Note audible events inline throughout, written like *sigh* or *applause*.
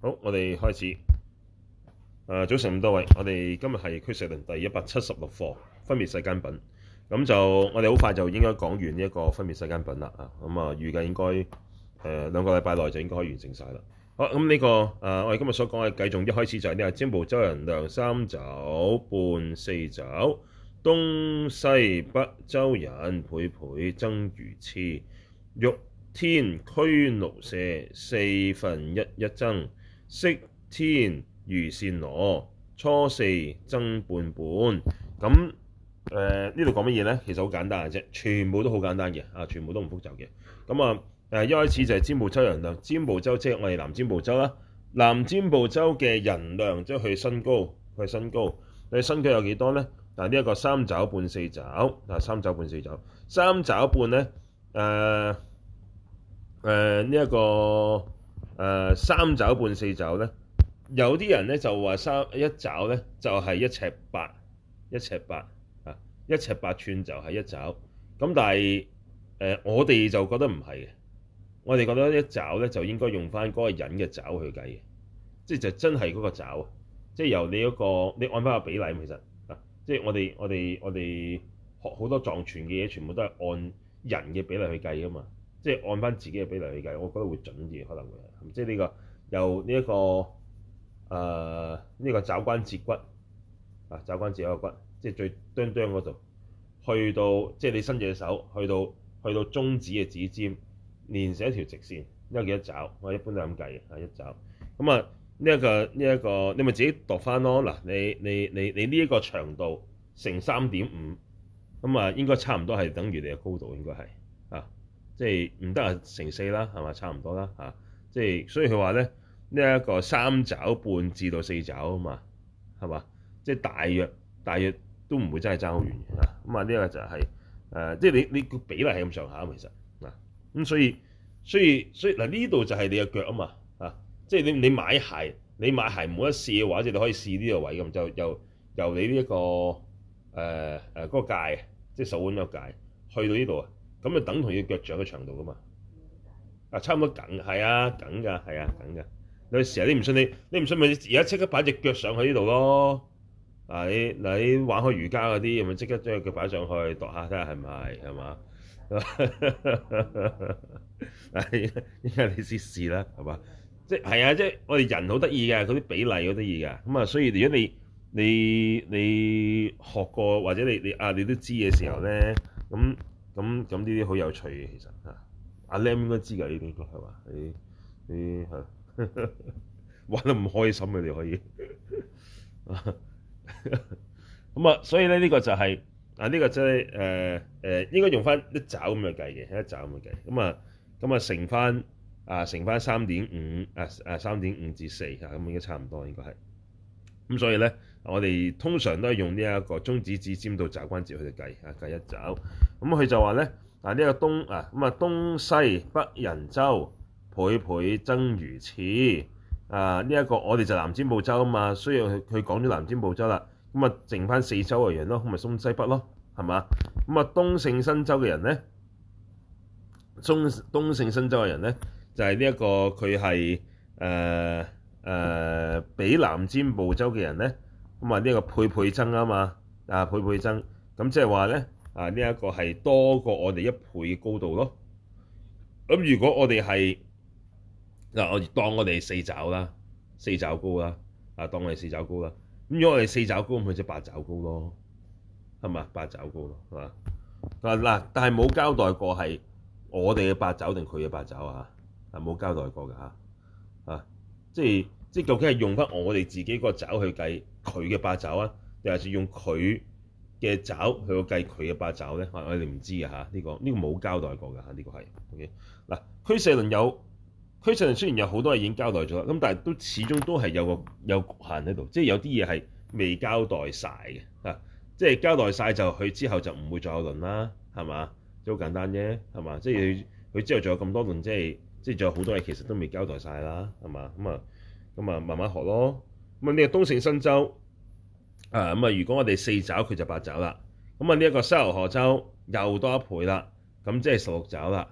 好，我哋開始。誒、呃，早晨，咁多位，我哋今日係俱舍論第一百七十六課，分別世間品。咁就我哋好快就應該講完呢一個分別世間品啦。啊，咁啊，預計應該誒兩個禮拜內就應該可以完成晒啦。好，咁、嗯、呢、這個誒、呃、我哋今日所講嘅計數，一開始就係、是、呢，贍部洲人量三肘半四肘，東西北洲人倍倍增如次，欲天俱盧舍四分一一增。色天踰繕那，初四增半半，咁誒、呃、呢度講乜嘢咧？其實好簡單嘅啫，全部都好簡單嘅，啊，全部都唔複雜嘅。咁啊、呃、一開始就係贍部洲人量，贍部洲即係我哋南贍部洲啦。南贍部洲嘅人量，即係佢身高，佢身高，佢身高有幾多咧？嗱、啊，呢、這、一個三肘半四肘，三肘半四肘，三肘半咧，誒誒呢一、呃呃這個。誒、呃、三肘半四肘咧，有啲人咧就話三一肘咧就係、是，一尺八一尺八啊一尺八寸就係一肘。咁，但、呃、係我哋就覺得唔係嘅，我哋覺得一肘咧就應該用翻嗰個人嘅肘去計嘅，即係就是，真係嗰個肘啊，即、就、係、是、由你一、那個你按翻個比例其實啊，即、就、係、是、我哋我哋我哋學好多藏傳嘅嘢，全部都係按人嘅比例去計噶嘛。即係按翻自己嘅比例去計，我覺得會準啲，可能會係。咁即係呢、這個由呢、這、一個誒呢、呃這個肘關節骨啊，肘關節嗰個骨，即係最端端嗰度，去到即係你伸隻手去到，去到中指嘅指尖，連成一條直線，呢、這個叫一肘，我一般都係咁計啊一肘。咁啊呢一個呢一、這個，你咪自己度翻咯。嗱，你你你你呢一個長度乘三點五，咁啊應該差唔多係等於你嘅高度，應該係。即係唔得啊，成四啦，係嘛，差唔多啦嚇。即係所以佢話咧，呢一個三爪半至到四爪啊嘛，係嘛，即係大約大約都唔會真係爭好遠啊。咁啊，呢個就係誒，即係你你個比例係咁上下啊。咁所以所以所以嗱，呢度就係你嘅腳啊嘛啊，即係你你買鞋，你買鞋冇得試嘅話，即係你可以試呢個位咁，就由由你呢一個誒誒嗰個界，即係手腕嗰個界，去到呢度啊。咁咪等同要腳掌嘅長度噶嘛？啊，差唔多梗㗎，係啊，梗㗎，係啊，梗㗎。有時你唔信你，你唔信咪而家即刻擺隻腳上去呢度咯。啊，你嗱玩開瑜伽嗰啲，咪即刻將個腳擺上去度下睇下係咪？係係嘛？係因為你試試啦，係嘛？即係係啊，即係我哋人好得意嘅，嗰啲比例好得意㗎。咁啊，所以如果你你你學過或者你你啊，你都知嘅時候咧，咁。咁咁呢啲好有趣嘅，其實啊，阿 lem 應該知㗎呢啲，係嘛？你啲係、啊、玩得唔開心嘅、啊，你哋可以咁啊，啊。所以咧，呢個就係、是、啊，呢、這個即係誒誒，應該用翻一肘咁嚟計嘅，一肘咁嚟計咁啊，咁啊乘翻啊乘翻三點五啊啊三點五至四啊，咁、啊、應該差唔多，應該係。咁所以咧，我哋通常都係用呢一個中指指尖到肘關節去計啊，計一肘。咁、嗯、佢就話咧，啊呢個、這個東啊，咁啊東西北人州倍倍增如次。啊呢一、這個我哋就南贍部洲啊嘛，所以佢講講咗南贍部洲啦。咁、嗯、啊，剩翻四洲嘅人咯，咁、就、咪、是、松西北咯，係嘛？咁、嗯、啊，東勝身洲嘅人咧，中東勝身洲嘅人咧，就係呢一個佢係誒。誒、呃，比南贍部洲嘅人咧，咁啊呢個倍倍增啊嘛，啊倍倍增，咁即係話咧，啊呢一個係多過我哋一倍高度咯。咁如果我哋係嗱，我、啊、當我哋四肘啦，四肘高啦，啊當我哋四肘高啦，咁如果我哋四肘高，咁佢就八肘高咯，係嘛？八肘高咯，係嘛？嗱、啊，但係冇交代過係我哋嘅八肘定佢嘅八肘啊，係、啊、冇交代過㗎嚇、啊，啊，即係。即係究竟係用翻我哋自己個肘去計佢嘅八肘啊，定係用佢嘅肘去計佢嘅八肘咧、啊？我哋唔知啊！呢、這個呢、這個冇交代過㗎呢、啊這個係嗱、okay 啊。俱舍論有俱舍論，雖然有好多嘢已經交代咗啦，咁但係都始終都係有個有局限喺度，即係有啲嘢係未交代曬嘅、啊、即係交代曬就佢之後就唔會再有論啦，係嘛？即好簡單啫，係嘛？即係佢之後仲有咁多論，即係即係仲有好多嘢其實都未交代晒啦，係嘛？咁、嗯、啊～咁啊，慢慢學咯。咁啊，呢個東城新洲啊，咁啊，如果我哋四肘佢就八肘啦。咁啊，呢一個西牛貨洲又多一倍啦，咁即係十六肘啦。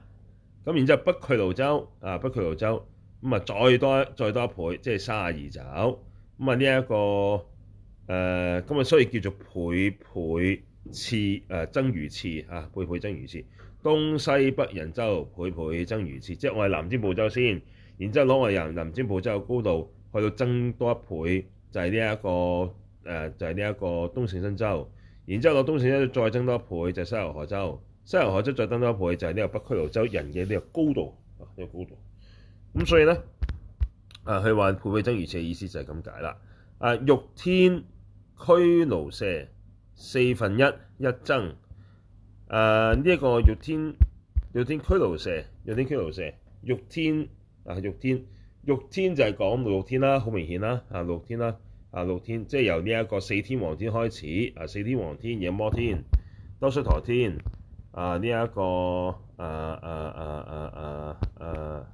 咁然之後北俱盧洲，啊，北俱盧洲，咁啊，再多一再多一倍，即係三十二肘。咁、這個、啊，呢一個咁啊，所以叫做倍倍次、啊、增如次，啊，倍倍增如次。東西北人洲倍倍增如次。即、就、係、是、我係南贍部洲先，然之後攞我人南贍部洲嘅高度。去到增多一倍就係呢一個誒，就係呢一個東勝身洲，然之後攞東勝身洲再增多一倍就係、是、西牛貨洲。西牛貨洲再增多一倍就係、是、呢個北俱盧洲。人嘅呢個高度啊，呢個高度。咁、啊這個嗯、所以咧，啊、呃，佢話倍倍增如次意思就係咁解啦、呃呃這個。啊，欲天俱盧舍四分一一增，誒呢一個欲天欲天俱盧舍，欲天俱盧舍，欲天啊，欲天。六天就係講六六天啦，好明顯啦，啊六天啦，啊六天，即係由呢一個四天王天開始，啊四天王天、夜摩天、兜率陀天，啊呢一個，啊啊啊啊啊啊，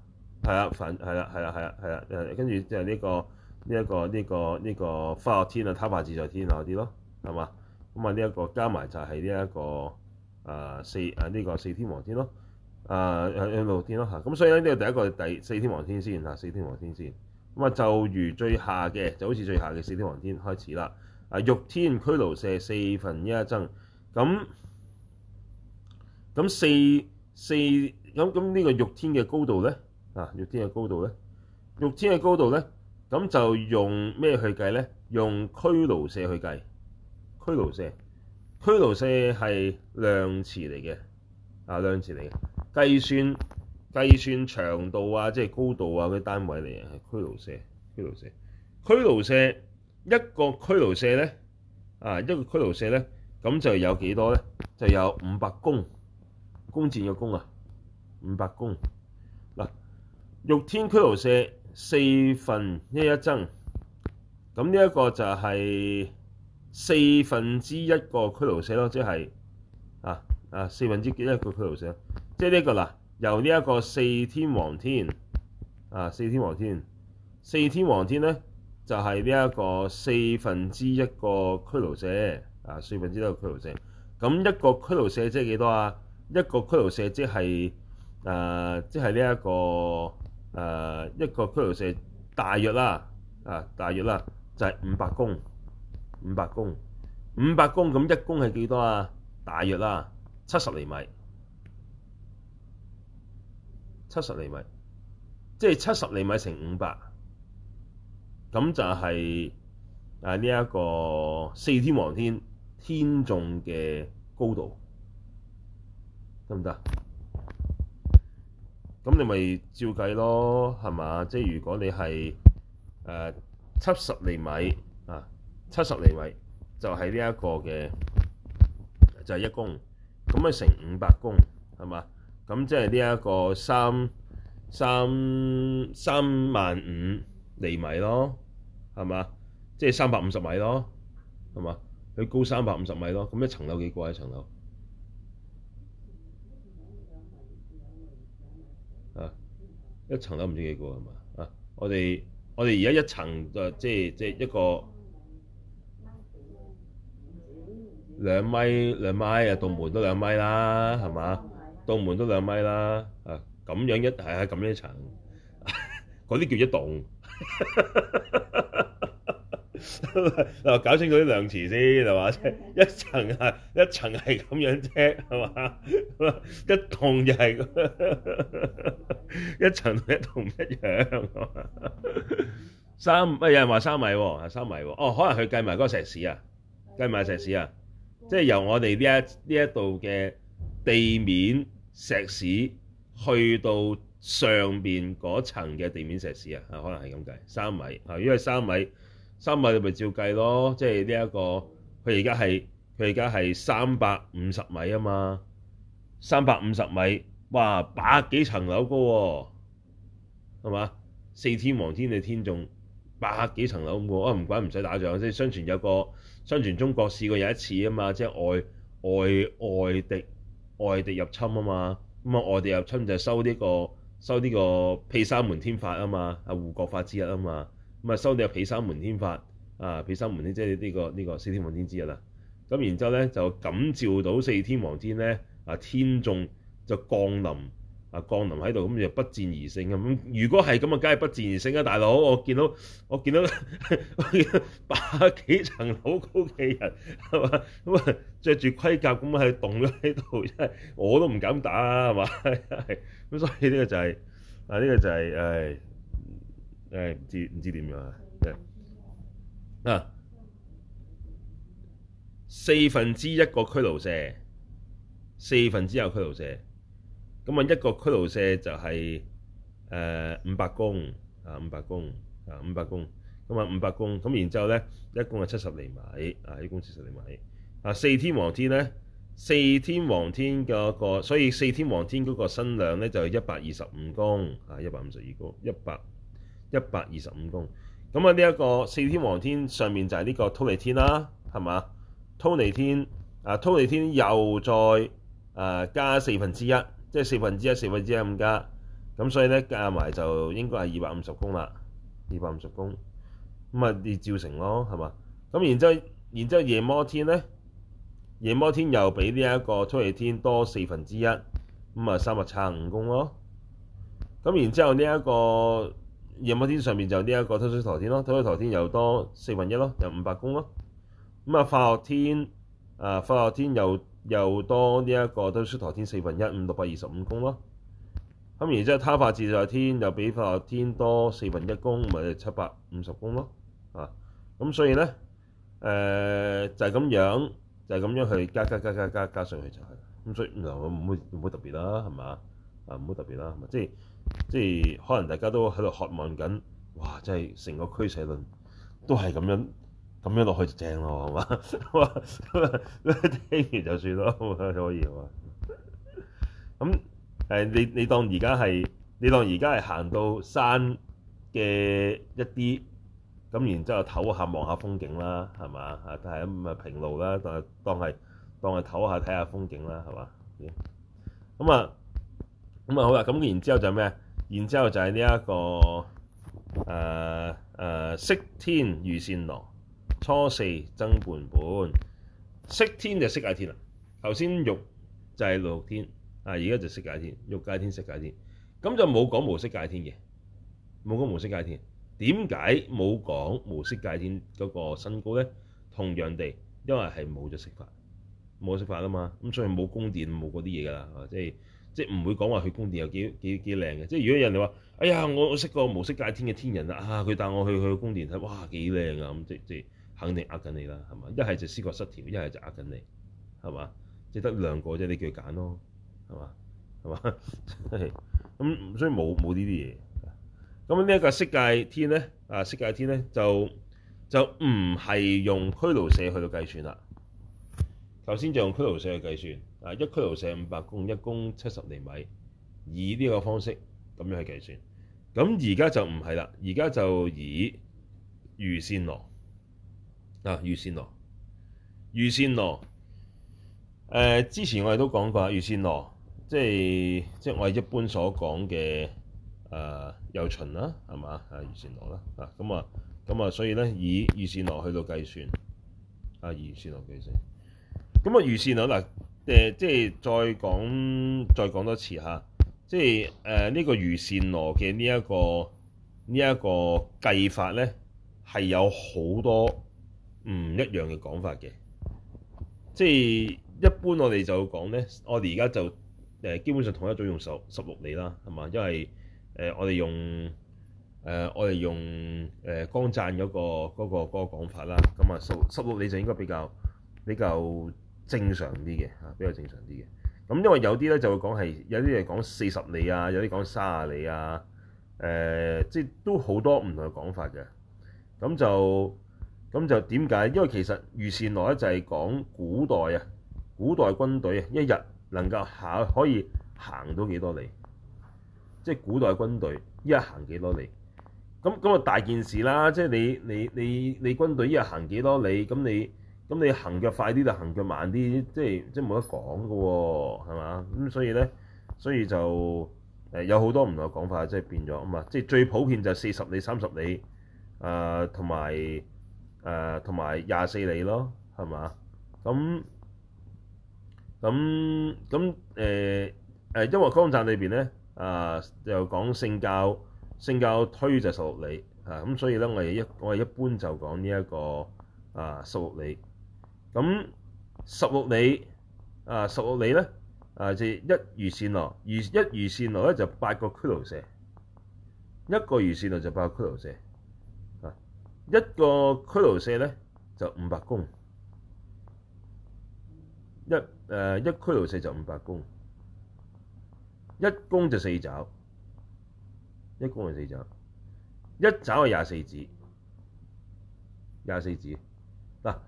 係啊，凡係啊，係啊，係啊，係啊，誒跟住即係呢個呢一個呢個呢個化樂天啊、他化自在天嗰啲咯，係嘛？咁啊呢一個加埋就係呢一個啊四啊呢個四天王天咯。啊！喺喺露天咯嚇，咁、啊、所以咧呢、這個第一個第四天王天先。嚇、啊，四天王天先，咁啊。就如最下嘅就好似最下嘅四天王天開始啦。啊，欲天俱盧舍四分一一增，咁咁四四，咁咁呢個欲天嘅高度咧啊，欲天嘅高度咧，欲天嘅高度咧，咁就用咩去計咧？用俱盧舍去計俱盧舍，俱盧舍係量詞嚟嘅啊，量詞嚟嘅。計算計算長度啊，即係高度啊，嗰啲單位嚟嘅係俱盧舍俱盧舍，俱盧舍一個俱盧舍咧啊，一個俱盧舍咧，咁就有幾多咧？就有五百弓弓箭嘅弓啊，五百弓嗱、啊，欲天俱盧舍四分一一增，咁呢一個就係四分之一個俱盧舍咯，即、就、係、是、啊啊四分之幾一個俱盧舍。即係呢個啦，由呢一個四天王天啊，四天王天，四天王天咧就係呢一個四分之一個俱盧舍啊，四分之一個俱盧舍。咁一個俱盧舍即係幾多啊？一個俱盧舍即係誒、啊，即係呢一個誒、啊，一個俱盧舍大約啦啊，啊，大約啦、啊，就係五百弓，五百弓，五百弓咁一弓係幾多啊？大約啦、啊，七十厘米。七十厘米，即係七十厘米乘五百，咁就係呢一個四天王天天眾嘅高度，得唔得？咁你咪照計咯，係嘛？即係如果你係、呃、七十厘米啊，七十厘米就係呢一個嘅就係、是、一弓，咁咪乘五百弓係嘛？咁即係呢一個三三三萬五厘米咯，係嘛？即係三百五十米咯，係嘛？佢高三百五十米咯，咁一層樓幾高？一層樓啊，一層樓唔知幾高，係嘛？啊，我哋我哋而家一層即係即係一個兩米兩米啊，到門都兩米啦，係嘛？到門都兩米啦，啊咁樣一係啊咁樣一層，嗰、啊、啲、啊、叫一棟。嗱、啊，搞 *laughs* *laughs* 清楚啲量詞先係嘛？ *laughs* 一層係一、即係、 *laughs* 一層係咁樣啫係嘛？一棟就係一層同一棟唔一樣。三有、啊、人話三米喎，三米喎。哦，可能佢計埋嗰個石屎啊，計埋石屎啊。啊 *laughs* 即係由我哋呢一呢一度嘅。地面石屎去到上面嗰層嘅地面石屎啊，可能係咁計三米啊，因為三米，三米你咪照計咯，即係呢一個佢而家係佢而家係三百五十米啊嘛，三百五十米哇，百幾層樓高喎、哦，係嘛？四天王天天、天地、天仲百幾層樓咁高啊、哦，唔怪唔使打仗，即係相傳有個相傳中國試過有一次啊嘛，即係外外外敵。外地入侵啊嘛，咁啊外地入侵就收呢、呢個收呢個毗沙門天法啊嘛，啊護國法之一啊嘛，咁啊收你個毗沙門天法啊，毗沙門天即係呢個呢、呢個、呢個、四天王天之一啦，咁然之後咧就感召到四天王天咧啊天眾就降臨。啊！降臨喺度，咁就不戰而勝咁。如果係咁啊，梗係不戰而勝啦，大佬！我見到我見到百 *laughs* 幾層樓高嘅人係嘛，咁啊著住盔甲咁喺度喺度，真係我都唔敢打啊，係嘛，真係，咁所以呢個就係、是、啊，呢、呢個就係、是、唉唉，唔知唔知點樣啊。四分之一個俱盧舍，四分之一個俱盧舍。咁啊，一個俱盧舍就係誒五百弓啊，五百弓啊，五百弓咁啊，五百弓咁。然之後咧，一弓係七十厘米啊，一弓四十厘米啊。四天王天咧，四天王天嗰、那個，所以四天王天嗰個身量咧就一百二十五弓啊，一百五十二弓，一百一百二十五弓。咁啊，呢一個四天王天上面就係呢個忉利天啦，係嘛？忉利天啊，忉利天又再誒加四分之一。即係四分之一、四分之一咁加，咁所以咧加埋就應該係二百五十弓啦，二百五十弓，咁啊你照成咯，係嘛？咁然之後，然之後夜摩天咧，夜摩天又比呢一個忉利天多四分之一，咁啊三百七十五弓咯。咁然之後呢一個夜摩天上面就呢一個兜率陀天咯，兜率陀天又多四分一咯，又五百弓咯。咁啊化樂天啊、呃、化樂天又。又多呢一個兜率陀天四分一五六百二十五弓咯，咁然之後他化自在天又比化樂天多四分一公，咪七百五十弓咯，啊，咁所以咧，誒就係咁樣，就係咁樣去加加加加加加上去就係，咁所以唔會唔會特別啦？係嘛？啊唔會特別啦，即係即係可能大家都喺度渴望緊，哇！即係成個俱舍論都係咁樣。咁樣落去就正咯，係嘛？哇！ *laughs* 聽完就算咯，可以喎。咁誒，你你當而家係你當而家係行到山嘅一啲咁，然之後唞下望下風景啦，係嘛啊？係咁咪平路啦，當當係當係唞下睇下風景啦，係嘛？咁啊咁啊好啦，咁然之後就咩、這個？然之後就係呢一個誒誒色天踰繕那。初四增半半，色天就色界天啦。頭先欲就係六天啊，而家就色界天，天，欲界天、色界天，咁就冇講無色界天嘅，冇講無色界天。點解冇講無色界天嗰個身高咧？同樣地，因為係冇咗色法，冇色法啊嘛，咁所以冇宮殿，冇嗰啲嘢噶啦，即係即係唔會講話去宮殿有幾幾幾靚嘅。即係如果人哋話，哎呀，我我識個無色界天嘅天人啊，佢帶我去去宮殿睇，哇，幾靚啊咁，即即。肯定壓緊你啦，係嘛？一係就思覺失調，一係就壓緊你，係嘛？即係得兩個啫，你叫佢揀咯，係嘛？係嘛？咁 *laughs* 所以冇冇呢啲嘢。咁呢一個色界天咧，啊色界天咧就就唔係用俱盧舍去到計算啦。頭先就用俱盧舍去計算，啊一俱盧舍五百弓，一弓七十厘米，以呢個方式咁樣去計算。咁而家就唔係啦，而家就以由旬羅。啊！踰繕那，踰繕那、呃，之前我哋都講過，踰繕那，即係即係我哋一般所講嘅誒由旬啦，係、呃、嘛啊？踰繕那啦、啊，啊咁啊咁啊，啊，所以咧以踰繕那去到計算啊，踰繕那計算咁啊，踰、啊、繕那嗱、啊呃、即係再講再講多次嚇，即係誒呢個踰繕那嘅呢一個呢一、這個計法咧係有好多。唔一樣嘅講法嘅，即係一般我哋就講咧，我哋而家就誒基本上統一咗用十十六里啦，係嘛？因為誒、呃、我哋用誒、呃、我哋用誒江湛嗰個嗰個嗰個講法啦，咁啊，十十六里就應該比較比較正常啲嘅，嚇比較正常啲嘅。咁因為有啲咧就會講係有啲誒講四十里啊，有啲講卅里啊，誒即係都好多唔同嘅講法嘅，咁就。咁就點解？因為其實踰繕那咧就係講古代啊，古代軍隊啊，一日能夠行可以行到幾多里？即係古代軍隊一日行幾多里？咁咁啊大件事啦！即係你你你你軍隊一日行幾多里？咁你咁你行腳快啲就行腳慢啲？即係即係冇得講噶喎，係嘛？咁所以咧，所以就誒有好多唔同嘅講法，即係變咗啊嘛！即係最普遍就四十里、三十里啊，呃同埋。誒同埋廿四里咯，係嘛？咁咁咁誒因為江戰里裏邊咧，啊就講聖教聖教推就十六里咁，啊、所以咧我哋一我哋一般就講呢一個啊十六里，咁十六里啊十六里咧啊就一踰繕那，踰一踰繕那咧就八個俱盧舍。一個踰繕那就八個俱盧舍。一個俱盧舍咧就五百弓。一誒、呃、一俱盧舍就五百弓，一弓就四肘，一弓係四肘，一肘係廿四指，廿四指嗱誒、啊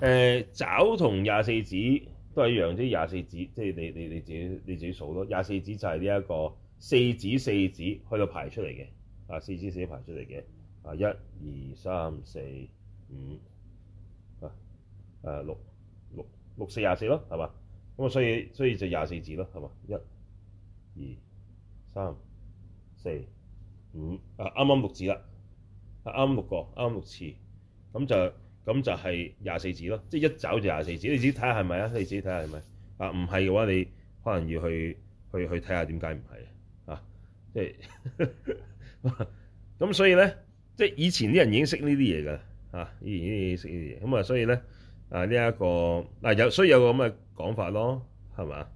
呃、肘同廿四指都係一樣，即係廿四指，即、就、係、是、你你你自己你自己數咯，廿四指就係呢一個四指四指去到排出嚟嘅，啊四指四指排出嚟嘅。啊，一、二、三、四、五啊，誒六六六四廿四咯，係嘛？咁啊，所以所以就廿四字咯，係嘛？一、二、三、四、五啊，啱啱六字啦，啱六個，啱六次，咁就咁就係廿四字咯，即係一走就廿四字，你自己睇下係咪啊？你自己睇下係咪？啊，唔係嘅話，你可能要去去去睇下點解唔係啊？即係咁， *laughs* 所以咧。即係以前啲人已經識呢啲嘢㗎，嚇！以前已經識呢啲嘢，咁啊，所以咧啊呢一個嗱有，所以有個咁嘅講法咯，係咪？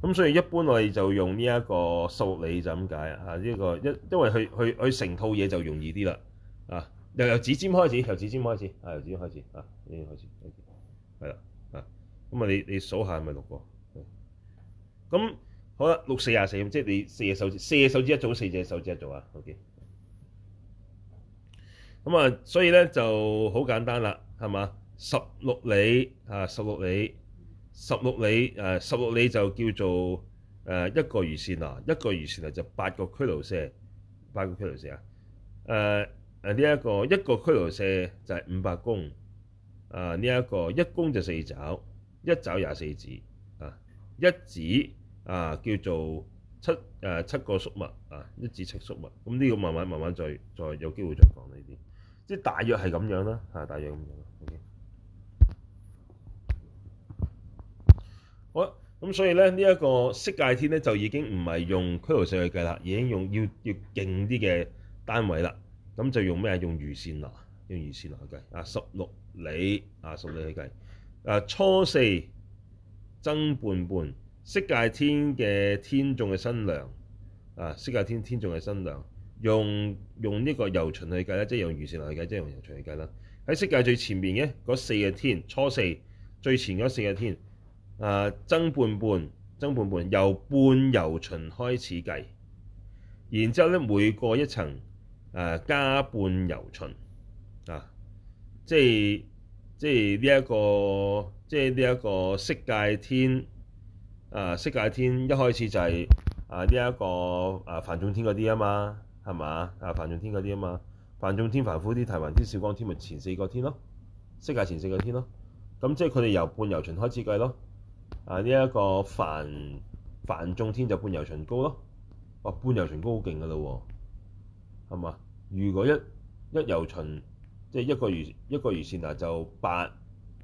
咁所以一般我哋就用呢一個數理就咁解啊！呢個一，因為佢佢佢成套嘢就容易啲啦，啊！又由指尖開始，由指尖開始，啊，由指尖開始，啊，已經開始，係啦，啊，咁啊，你你數下係咪六個？咁。好啦，六四廿四咁，即係你四隻手指，四隻手指一組，四隻手指一組啊。O.K. 咁、嗯、啊，所以咧就好簡單啦，係嘛？十六里啊，十六里，十六里誒，十六里，里就叫做誒一個踰繕那啊，一個踰繕那個個啊，就八個俱盧舍，八個俱盧舍啊。誒誒，呢一個一個俱盧舍就係五百弓啊，呢、呃、一、這個一弓就四肘，一肘廿四指啊，一指。啊，叫做七誒、呃、七個縮物啊，一至七縮物，咁呢個慢慢慢慢再再有機會再講呢啲，即係大約係咁樣啦，嚇、啊，大約咁樣。Okay. 好啦，咁所以咧呢一、呢個色界天咧就已經唔係用俱盧舍去計啦，已經用要要勁啲嘅單位啦，咁就用咩？用踰繕那啦，用踰繕那嚟計啊，十六里啊，十里去計啊，初四增半半。色界天嘅天眾嘅身量，啊，色界天天眾嘅身量，用用呢個由旬去計咧，即係用踰繕那去計，即係用由旬去計啦。喺色界最前面嘅嗰四嘅天，初四最前嗰四嘅天，啊，增半半，增半半，由半由旬開始計，然之後咧每過一層，誒、啊、加半由旬，啊，即係即係呢一個即係呢一個色界天。誒、啊、色界天一開始就係誒呢一個誒梵眾天嗰啲啊嘛，係、啊、嘛？誒梵眾天嗰啲啊嘛，梵眾天、梵輔啲，大梵天、少光天咪前四個天咯，色界前四個天咯。咁即係佢哋由半由旬開始計咯。誒呢一個梵梵眾天就半由旬高咯。哇、啊，半由旬高好勁噶啦喎，係嘛？如果一一由旬即係一個月一個月線啊，就八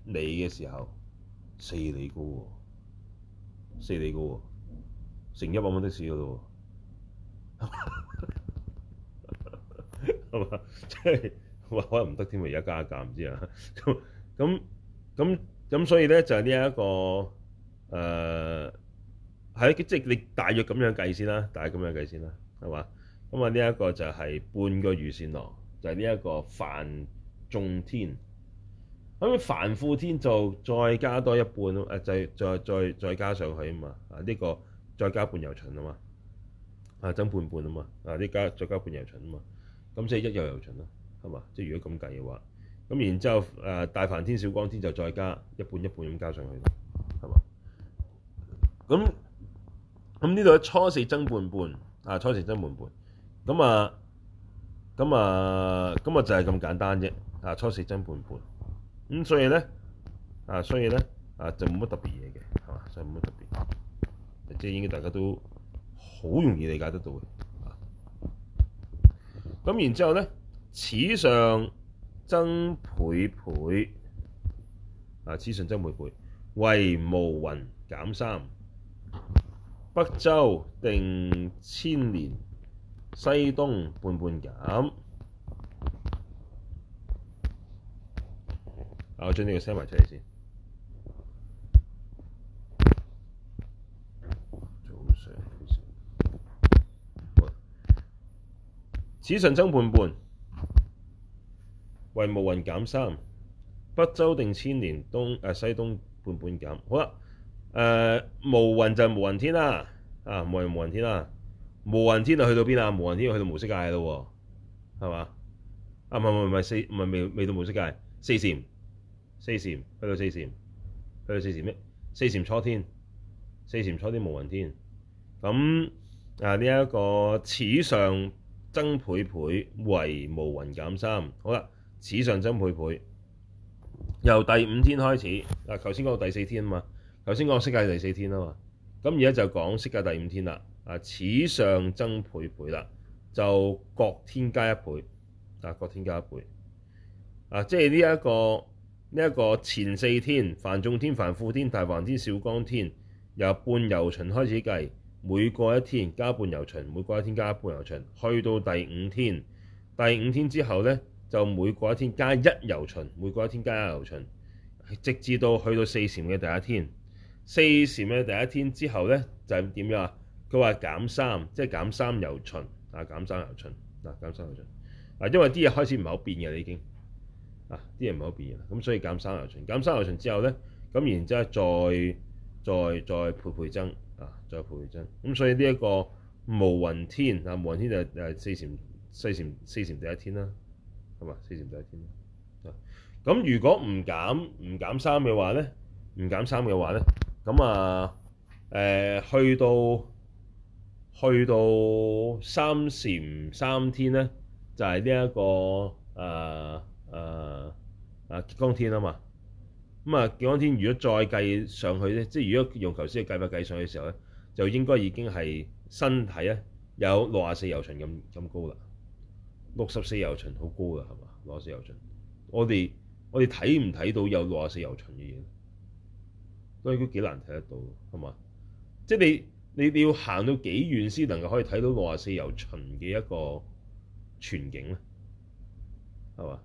里嘅時候四里高喎、哦。四厘嘅喎，成一百蚊的士嘅咯喎，係 *laughs* 嘛？ *laughs* 即係話可能唔得添喎，而家加咗價唔知啊。咁咁咁咁，所以咧就係呢一個誒，喺即係你大約咁樣計先啦，大約咁樣計先啦，係嘛？咁啊呢一個就係半個踰繕羅，就係呢一個梵眾天。咁梵輔天就再加多一半咯，誒、啊，再再再加上去啊嘛，啊呢、這個再加半由旬啊嘛，啊增半半啊嘛，啊呢、啊、加再加半由旬啊嘛，咁即係一由由旬咯，係嘛？即、就、係、是、如果咁計嘅話，咁然之後誒、啊、大梵天少光天就再加一半一半咁加上去，係嘛？咁咁呢度初四增半半，啊初四增半半，咁啊咁啊咁啊就係咁簡單啫，啊初四增半半。咁所以咧、啊，啊，所以咧，啊，就冇乜特別嘢嘅，係嘛？所以冇乜特別，即係應該大家都好容易理解得到嘅。咁然之後咧，此上增倍倍，啊，此上增倍倍、啊，唯無雲減三，北洲定千年，西東半半減。我將呢個寫埋出嚟先好。早上，此上增倍倍，唯無雲減三，北洲定千年東、啊、西東半半減。好啦，誒、呃、無雲就無雲天啦、啊，啊無雲無雲天啦，無雲天、啊、天就去到邊啊？無雲天就去到無色界啦、啊，係嘛？啊唔係唔係四唔係未未到無色界，四禪。四禪去到四禪，去到四禪咩？四禪初天，四禪初天無雲天。咁啊，呢、這、一個此上增倍倍唯無雲減三。好啦，此上增倍倍，增倍，倍由第五天開始。啊，頭先講到第四天啊嘛，頭先講色界第四天啊嘛。咁而家就講色界第五天啦。啊，此上增倍倍啦，就各添加一倍啊，各添加一倍啊，即係呢一個。呢一個前四天，梵眾天、梵輔天、大梵天、少光天，由半由旬開始計，每過一天加半由旬，每過一天加半由旬，去到第五天，第五天之後呢，就每過一天加一由旬，每過一天加一由旬，直至到去到四禪嘅第一天，四禪嘅第一天之後呢，就係點樣啊？佢話減三，即係減三由旬，啊，減三由旬，嗱，減三由旬，嗱，因為啲嘢開始唔係好變嘅，你已經。啊！啲嘢唔好變嘅，咁所以減三由旬，減三由旬之後咧，咁然之後再再再倍倍增啊，再倍倍增。咁所以呢一個無雲天啊，無雲天就係四禪四禪四禪第一天啦，係嘛？四禪第一天。咁、啊、如果唔減唔減三嘅話咧，唔減三嘅話咧，咁啊誒、呃，去到去到三禪三天咧，就係呢一個啊。誒、呃、誒，極光天啊嘛，咁啊極光天如果再計上去咧，即係如果用頭先嘅計法計上去嘅時候咧，就應該已經係身體咧有六十四由旬咁咁高啦，六十四由旬好高噶係嘛？六十四由旬，我哋我哋睇唔睇到有六十四由旬嘅嘢？都應該幾難睇得到係嘛？即係你你你要行到幾遠先能夠可以睇到六十四由旬嘅一個全景咧係嘛？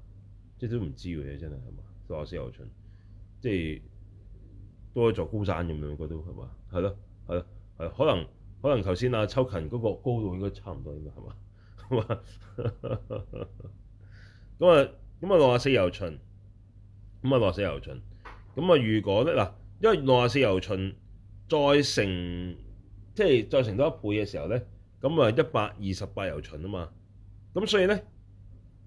即都唔知嘅嘢，真係係嘛？六十四由旬，即係多一座高山咁樣，應該都係嘛？係咯，係咯，可能可能頭先阿秋勤嗰個高度應該差唔多，應該係嘛？咁啊，咁 *laughs* 啊，六十四由旬，咁啊，六十四由旬，咁啊，如果咧嗱，因為六十四由旬再乘，即係再乘多一倍嘅時候咧，咁啊一百二十八由旬啊嘛，咁所以咧。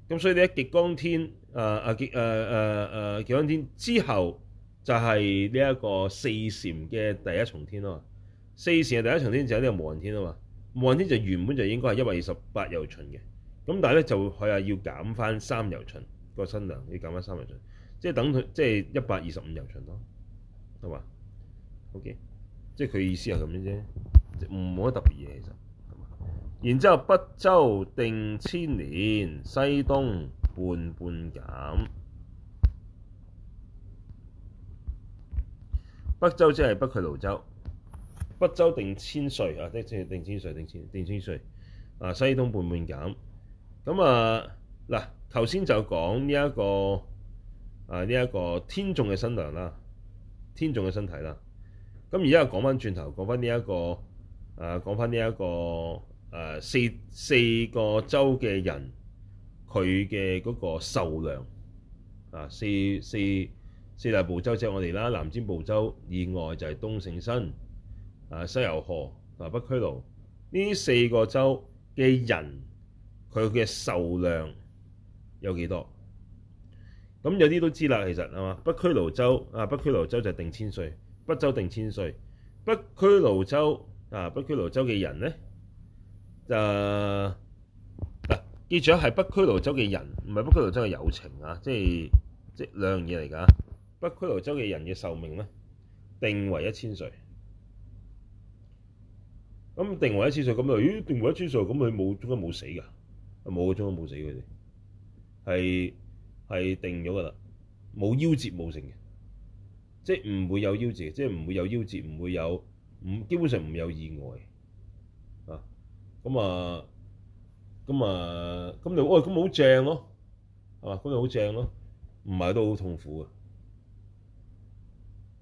咁所以呢，極光天，誒誒極誒誒誒極光天之後，就係呢一個四禪嘅第一重天咯。四禪嘅第一重天就係呢個無雲天啊嘛。無雲天就原本就應該係一百二十八由旬嘅，咁但係咧就係要減翻三由旬嗰個身量，要減翻三由旬，即係等佢即係一百二十五由旬咯，係嘛？OK，即係佢意思係咁樣啫，唔冇得特別嘢其實。然之後，北洲定千年，西東半半減。北洲即係北俱盧洲，北洲定千歲啊！的確係定千歲，定千歲定千歲啊！西東半半減。咁啊嗱，頭先就講呢一個啊呢一、這個天眾嘅身量啦，天眾嘅身體啦。咁而家又講翻轉頭，講翻呢一個啊，講翻呢一個。啊講誒、啊、四四個洲嘅人，佢嘅嗰個壽量啊，四四四大部洲即係我哋啦，南贍部洲以外就係東勝身、啊、西牛貨啊、北俱盧呢四個洲嘅人，佢嘅壽量有幾多少？咁有啲都知啦，其實係嘛？北俱盧洲啊，北俱盧洲就是定千歲，北洲定千歲，北俱盧洲啊，北俱盧洲嘅人咧？誒、uh，嗱，記住係北俱盧洲嘅人，唔係北俱盧洲嘅有情啊，即係即係兩樣嘢嚟噶。北俱盧洲嘅人嘅壽命咧，定為一千歲。咁定為一千歲，咁啊，咦？定為一千歲，咁佢冇中間冇死噶，冇中間冇死佢哋，係係定咗噶啦，冇夭折冇成嘅，即係唔會有夭折，即係唔會有夭折，唔會有，唔基本上唔有意外。咁啊，咁啊，咁你喂咁好正咯，係嘛？咁你好正咯，唔係都好痛苦嘅。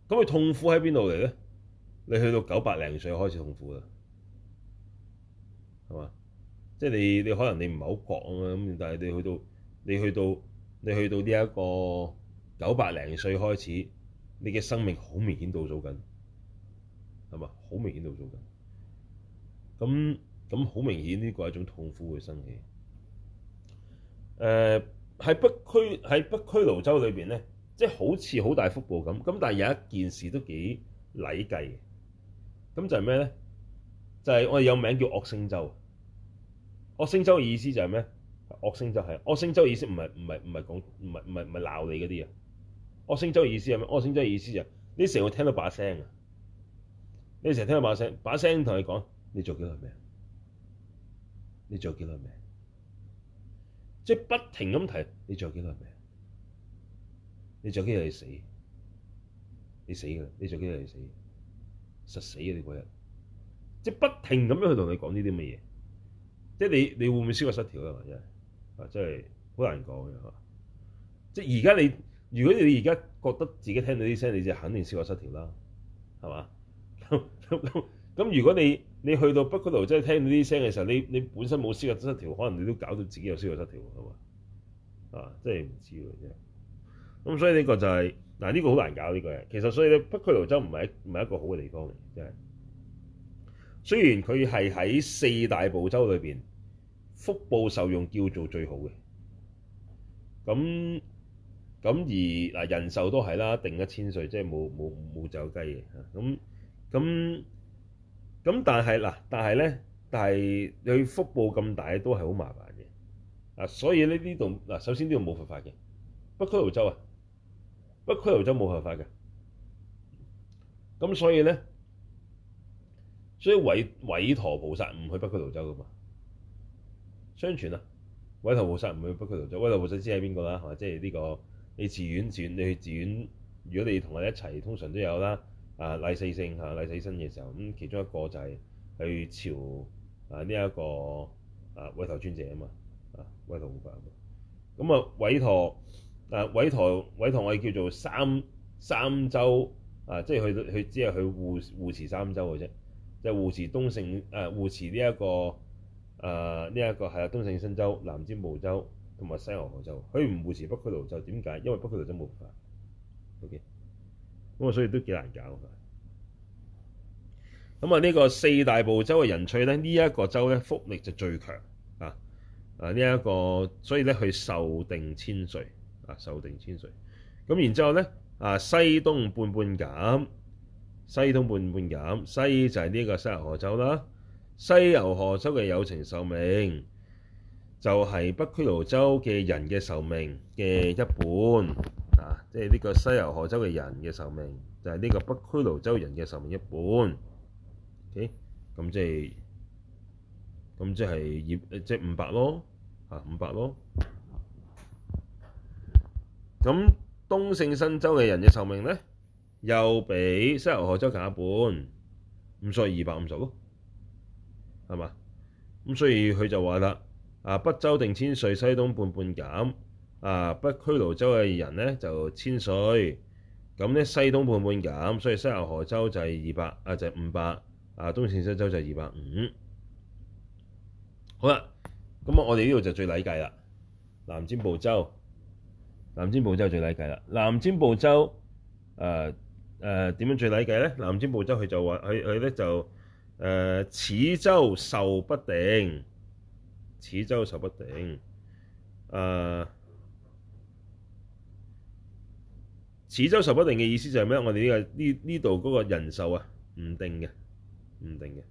咁你痛苦喺邊度嚟咧？你去到九百零歲開始痛苦啦，係嘛？即係你你可能你唔係好講啊，咁但係你去到你去到你去到呢一個九百零歲開始，你嘅生命好明顯倒數緊，係嘛？好明顯倒數緊，咁。咁好明顯，呢個係一種痛苦嘅生起。誒、呃，喺北俱喺北俱盧洲裏邊咧，即係好似好大福報咁。咁但係有一件事都幾禮計嘅。咁就係咩咧？就係、是、我哋有名叫惡星洲。惡星洲嘅意思就係咩？惡星洲係惡星洲意思唔係唔係唔係講唔係唔係唔係鬧你嗰啲嘅。惡星洲嘅意思係咩？惡星洲嘅意，意思就係你成日會聽到把聲啊！你成日聽到把聲，把聲同你講：你做緊係咩？你仲有幾耐命？即係不停咁提你仲有幾耐命？你仲有幾日死？你死嘅，你仲幾日死？實死嘅你嗰日，即係不停咁樣去同你講呢啲乜嘢？即係你，你會唔會思覺失調啊？或者啊，即係好難講嘅，即係而家你，如果你而家覺得自己聽到啲聲，你就肯定思覺失調啦，係嘛？ *laughs* 咁如果你你去到北俱盧洲聽到啲聲嘅時候，你你本身冇思覺失調，可能你都搞到自己有思覺失調，係嘛？啊，真係唔知㗎啫。咁、啊、所以呢個就係、是、嗱，呢、啊呢個好難搞呢、呢個嘢。其實所以咧，北俱盧洲唔係唔係一個好嘅地方嚟，真、就、係、是。雖然佢係喺四大部洲裏邊，福報受用叫做最好嘅。咁咁而嗱、啊，人壽都係啦，定一千歲即係冇冇冇走雞嘅。咁咁。咁但係嗱，但係咧，但係福報咁大都係好麻煩嘅啊！所以呢呢度嗱，首先呢度冇佛法嘅北俱盧洲啊，北俱盧洲冇佛法嘅。咁所以咧，所以韋韋馱菩薩唔去北俱盧洲噶嘛？相傳啊，韋馱菩薩唔去北俱盧洲，韋馱菩薩知係邊個啦？係、啊、嘛，即係呢個你寺院寺院，你去寺院，如果你同佢一齊，通常都有啦。啊，禮四聖嚇，禮、啊、四新嘅時候，咁、嗯、其中一個就係去朝啊呢一、這個啊韋馱尊者啊嘛，啊韋馱護法，咁啊韋馱啊韋馱韋馱我哋叫做三三洲啊，即係去去，去只係去護護持三洲嘅啫，即係護持東勝誒護持呢、這、一個啊呢一、這個係啊東勝身洲、南贍部洲同埋西牛貨洲，佢唔護持北俱盧洲點解？因為北俱盧洲冇法。O.K. 咁啊，所以都幾難搞咁啊，呢個四大部洲嘅人趣咧，呢、這、一個州咧，福力就最強啊！啊、這個，呢一個所以咧，佢壽定千歲啊，壽定千歲。咁然之後咧，啊，西東半半減，西東半半減，西就係呢個西牛貨洲啦。西牛貨洲嘅有情壽命就係北俱盧洲嘅人嘅壽命嘅一半。啊！即係呢個西牛貨洲嘅人嘅壽命，就係、是、呢個北俱盧洲人嘅壽命一半。咁、okay? 即係，咁即係二、嗯，即係五百咯。啊，五百咯。咁東勝身洲嘅人嘅壽命咧，又比西牛貨洲減一半，咁所以二百五十咯。係嘛？咁所以佢就話啦：啊，北洲定千歲，西東半半減。啊！北俱盧洲嘅人咧就千歲，咁咧西東半，半半減，所以西牛貨洲就係二百，就是、500，啊就係五百，啊東勝身洲就係二百五。好啦，咁啊我哋呢度就最例計啦。南贍部洲，南贍部洲最例計啦。南贍部洲，誒誒點樣最例計咧？南贍部洲佢就話佢佢咧就誒、呃、此洲壽不定，此洲壽不定，啊、呃！此洲壽不定嘅意思就係咩？我哋呢度嗰個人壽啊，唔定嘅，唔定嘅。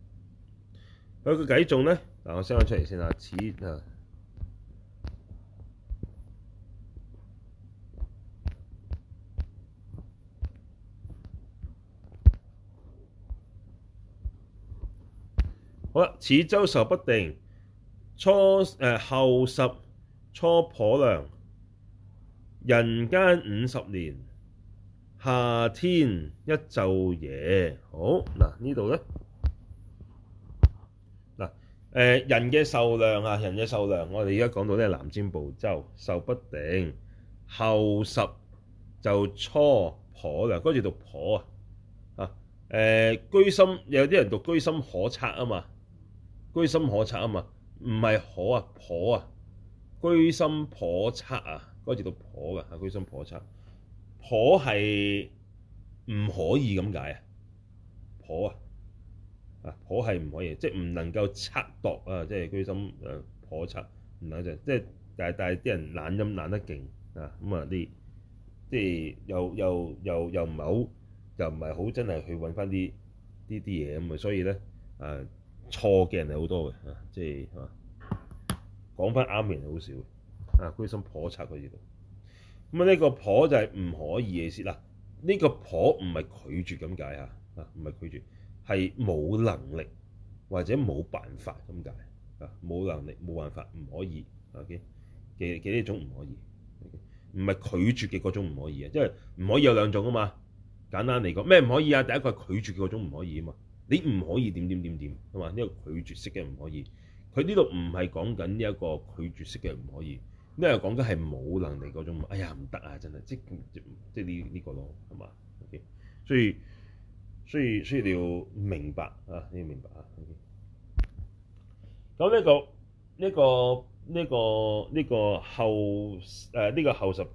佢嘅偈頌咧，嗱，我先講出嚟先啊，此啊，好啦，此洲壽不定，初誒、呃、後十，初叵量，人間五十年。下天一晝夜，好，嗱，呢度咧，嗱，誒人嘅壽量啊，人嘅壽量，我哋而家講到咧，南贍部洲壽不定，後十就初叵量。嗰、那個字讀婆啊，啊誒、呃、居心有啲人讀居心可測啊嘛，居心可測啊嘛，唔係可啊，婆啊，居心叵測啊，嗰、那個字讀婆嘅、啊，係居心叵測、啊。叵係唔可以咁解啊！叵啊啊叵係唔可以的，即係唔能夠測度大大啊、嗯、啊，啊！即係居心啊叵測唔好就即係，但係但係啲人懶音懶得勁啊咁啊，啲即係又又又又唔係好又唔係好真係去揾翻啲啲啲嘢咁啊，所以咧啊錯嘅人係好多嘅啊，即係係嘛，講翻啱嘅人好少啊，居心叵測嗰啲。咁啊，呢個「叵」就係唔可以嘅事啦。呢個「叵」唔係拒絕咁解吓，啊唔係拒絕，係冇能力或者冇辦法咁解啊。冇能力、冇辦法唔可以。O.K. 嘅嘅呢種唔可以，唔係拒絕嘅嗰種唔可以啊。因為唔可以有兩種啊嘛。簡單嚟講，咩唔可以啊？第一個係拒絕嘅嗰種唔可以啊嘛。你唔可以點點點點，係嘛？呢個拒絕式嘅唔可以。佢呢度唔係講緊呢一個拒絕式嘅唔可以。咩講緊係冇能力嗰種？哎呀，唔得啊！真係即即即呢、這、呢個咯，係、這、嘛、個、？O.K.，所以所以所以你要明白啊，你要明白啊。O.K.，咁呢、這個呢、這個呢、這個呢、這個後誒呢、呃這個後十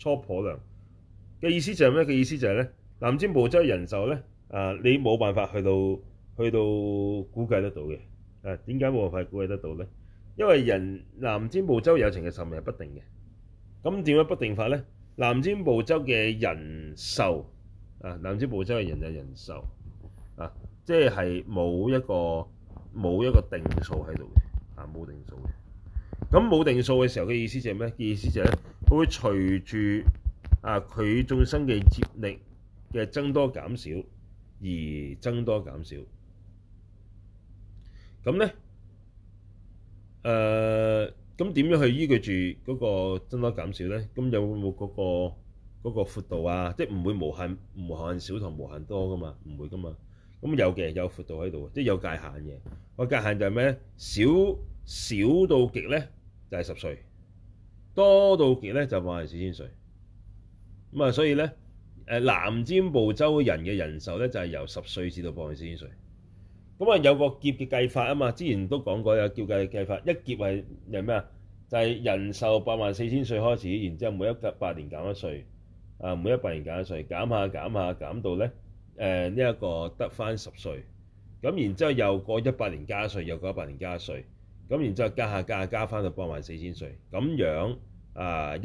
初叵量嘅意思就係咩？嘅、那個、意思就係咧，南贍部洲人壽咧，誒、呃、你冇辦法去到去到估計得到嘅。誒點解冇辦法估計得到咧？因為人南贍部洲有情嘅壽命係不定嘅，咁點解不定法咧？南贍部洲嘅人壽啊，南贍部洲嘅人有人壽啊，即係冇一個冇一個定數喺度嘅，啊冇定數嘅。咁冇定數嘅時候嘅意思就係咩？意思就係咧，佢會隨住啊佢眾生嘅接力嘅增多減少而增多減少。咁咧？誒咁點樣去依據住嗰個增多減少咧？咁有冇嗰、嗰個嗰、嗰個闊度啊？即係唔會無限無限少同無限多噶嘛？唔會噶嘛？咁有嘅，有闊度喺度，即係有界限嘅。個界限就係咩？少少到極咧就係、是、十歲，多到極咧就係八萬四千歲。咁啊，所以咧、呃、南贍部洲人嘅人壽咧就係、是、由十歲至到八萬四千歲。咁啊，有個劫嘅計法啊嘛，之前都講過有叫計計法。一劫係係咩啊？就係、是、人壽八萬四千歲開始，然之後每一百年減一歲啊，每一百年減一歲，減下減下減到咧誒呢一、呃這個得翻十歲。咁然之後又過一百年加一歲，又過一百年加一歲。咁然之後加下加下加翻到八萬四千歲。咁樣啊，一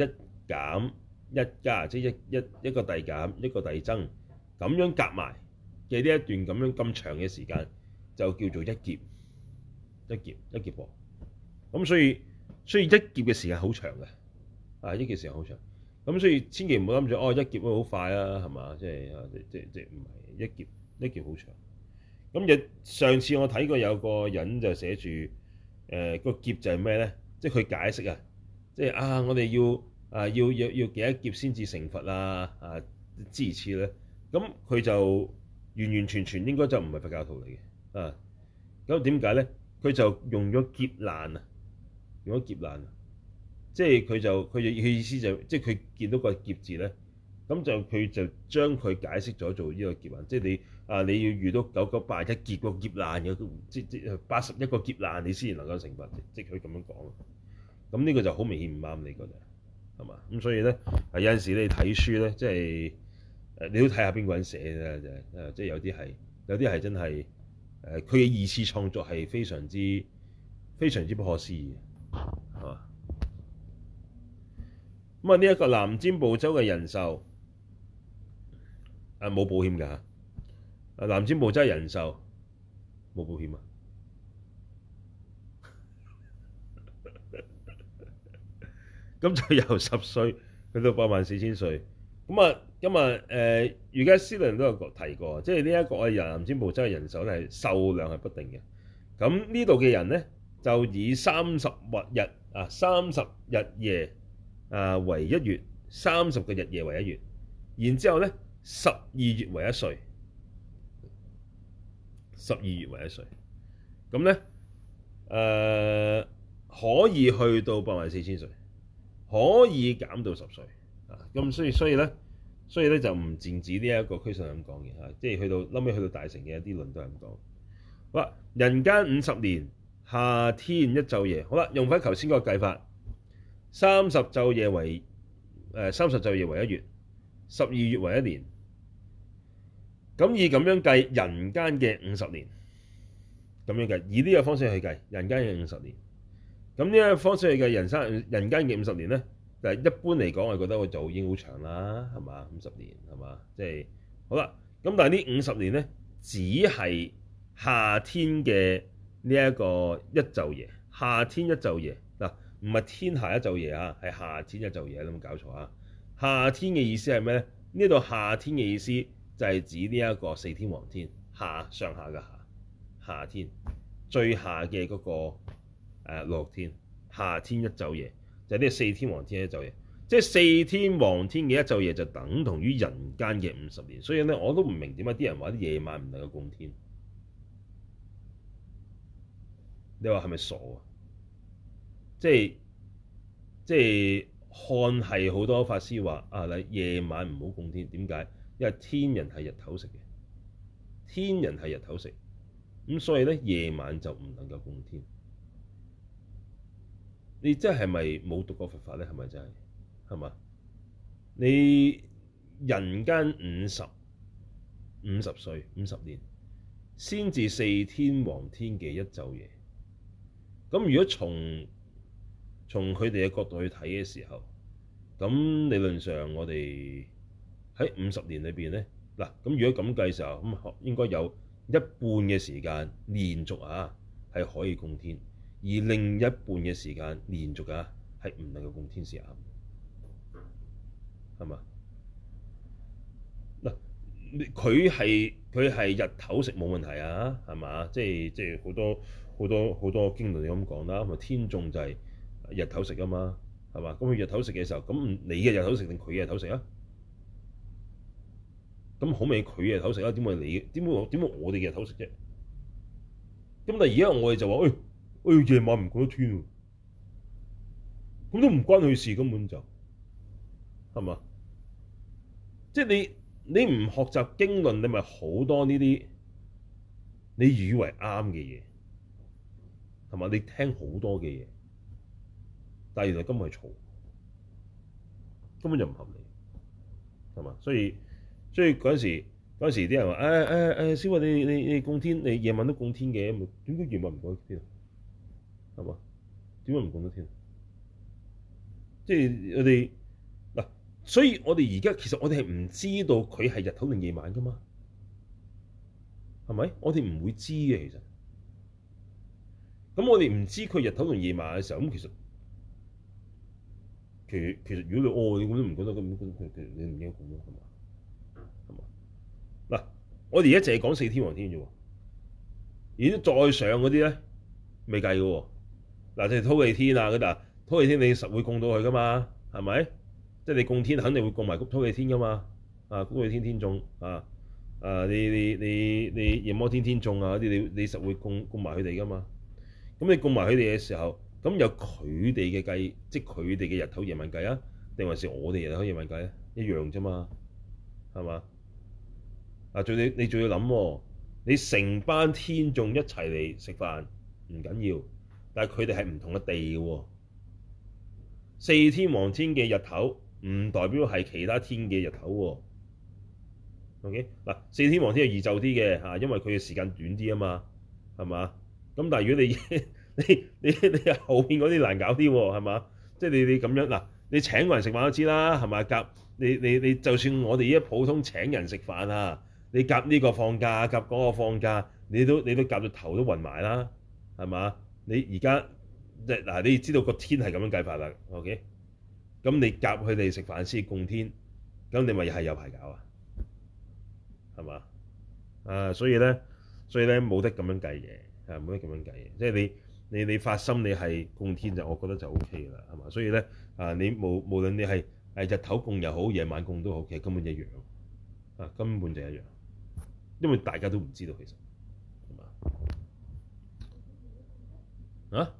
減一加，即係一一一,一,一個遞減一個遞增，咁樣夾埋嘅呢一段咁樣咁長嘅時間。就叫做一劫一劫一劫噃。咁所以所以一劫嘅時間好長嘅，啊一劫時間好長，咁所以千祈唔好諗住哦一劫會好快啊，係嘛？即係即即唔係一劫一劫好長。咁日上次我睇過有個人就寫住誒個劫就係咩咧？即係佢解釋、即係、啊，即係啊我哋要啊要要要幾多劫先至成佛啊啊？支持咧咁佢就完完全全應該就唔係佛教徒嚟嘅。啊，咁點解咧？佢就用咗劫難啊，用咗劫難啊，即係佢就佢、是、嘅意思就即係佢見到個劫字咧，咁就佢就將佢解釋咗做呢個劫難。即、就、係、係、你啊，你要遇到九九八一劫個劫難有即即八十一個劫難，就是就是、劫難你先能夠成佛。即係佢咁樣講啊。咁呢個就好明顯唔啱、就是，你個就係嘛咁。所以咧，有陣時你睇書咧，即係你都睇下邊個人寫嘅就，即係有啲係有啲係真係。誒佢嘅二次創作係非常之非常之不可思議，係嘛？咁啊，呢一個南贍部洲嘅人壽啊冇保險㗎吓，啊南贍部洲人壽冇保險啊，咁、 *laughs* *laughs* 嗯、就由十歲去到八萬四千歲咁啊！今日，誒瑜伽師地論都有提過，即係呢一個嘅人間南贍部洲嘅人壽咧係壽量係不定嘅。咁呢度嘅人咧就以三十日啊，三十日夜啊為一月，三十個日夜為一月。然之後咧，十二月為一歲，十二月為一歲。咁咧，誒可以去到八萬四千歲，可以減到十歲啊。咁所以所以咧。所以咧就唔淨止呢一個區上咁講嘅嚇，即係去到後屘，去到大乘嘅一啲論都係咁講。好啦，人間五十年，下天一晝夜。好啦，用翻頭先個計法，三十晝夜為誒，三十晝夜為一月，十二月為一年。咁以咁樣計，人間嘅五十年，咁樣計，以呢個方式去計人間嘅五十年。咁呢一個方式去計人生、人間嘅五十年咧？但係一般嚟講，我覺得我做已經、就是、好長啦，係嘛？五十年係嘛？即係好啦。咁但係呢五十年呢，只係下天嘅呢一個一晝夜。下天一晝夜嗱，唔係天下一晝夜啊，係下天一晝夜。你有冇搞錯啊？下天嘅意思係咩？呢度下天嘅意思就係指呢一個四天王天下，上下嘅下，下天最下嘅嗰個落天，下天一晝夜。就係、是、呢四天王天一晝夜，即係四天王天嘅一晝夜就等同於人間嘅五十年，所以咧我都唔明點解啲人話啲夜晚唔能夠供天。你話係咪傻啊？即係即係看係好多法師話啊，夜晚唔好供天，點解？因為天人係日頭食嘅，天人係日頭食，咁所以咧夜晚就唔能夠供天。你即係咪冇讀過佛法咧？係咪真係？係嘛？你人間五十五十歲五十年，先至四天王天嘅一晝夜。咁如果從從佢哋嘅角度去睇嘅時候，咁理論上我哋喺五十年裏邊咧，嗱咁如果咁計嘅時候，咁應該有一半嘅時間連續啊係可以供天。而另一半嘅時間連續啊，係唔能夠供天時啊，係嘛嗱？佢係佢係日頭食冇問題啊，係嘛？即係即係好多好多好多經論咁講啦。咁啊，天眾就係日頭食啊嘛，係嘛？咁佢日頭食嘅時候，咁你嘅日頭食定佢嘅日頭食啊？咁好明顯佢嘅日頭食啊。點會你？點會點會我哋嘅日頭食啫？咁但係而家我哋就話誒。哎哎，夜晚唔管天喎，啊，咁都唔關佢事，根本就係嘛？即係、就是、你你唔學習經論，你咪好多呢啲你以為啱嘅嘢係嘛？你聽好多嘅嘢，但係原來根本係錯，根本就唔合理係嘛？所以所以嗰陣時嗰陣時啲人話，哎哎哎，小慧你你你，你供天，你夜晚都供天嘅，點解夜晚唔管天？係嘛？點解唔講咗添？即係我哋嗱，所以我哋而家其實我哋係唔知道佢係日頭同夜晚噶嘛？係咪？我哋唔會知嘅其實。咁我哋唔知佢日頭同夜晚嘅時候，咁其實其實其實如果你餓、哦，你都唔覺得咁你唔應該咁咯，係嘛？係嘛？嗱，我哋而家淨係講四天王天啫喎，而家再上嗰啲咧未計嘅喎。嗱，即係忉利天啊！嗱，啲啊，忉利天你實會供到佢噶嘛？係咪？即係你供天，肯定會供埋個忉利天噶嘛？啊，忉利天天眾啊！啊，你你你你，你夜摩天天眾啊！嗰啲你你，你實會供供埋佢哋噶嘛？咁你供埋佢哋嘅時候，咁有佢哋嘅計，即係佢哋嘅日頭夜問計啊，定還是我哋日頭夜問計啊？一樣啫嘛，係嘛？啊，仲要你仲要諗，你成班天眾一齊嚟食飯唔緊要。但係佢哋係唔同嘅地喎，四天王天嘅日頭唔代表係其他天嘅日頭喎。OK 嗱，四天王天係易就啲嘅嚇，因為佢嘅時間短啲啊嘛，係嘛？咁但係如果你你你你，你後邊嗰啲難搞啲喎，係嘛？即係你你咁樣嗱，你請個人食飯都知啦，係嘛？夾你你你就算我哋而家普通請人食飯啊，你夾呢個放假，夾嗰個放假，你都你都夾到頭都暈埋啦，係嘛？你而家即，嗱，你知道個天係咁樣計法啦，OK？咁你夾佢哋食飯先供天，咁你咪係有排搞啊？係嘛？啊，所以咧，所以咧冇得咁樣計嘅，係啊，冇得咁樣計嘅。即係你你你發心你係供天就，我覺得就 OK 啦，係嘛？所以咧啊，你無無論，你係係日頭供又好，夜晚供都好，其實根本一樣啊，根本就一樣，因為大家都唔知道其實，係嘛？啊？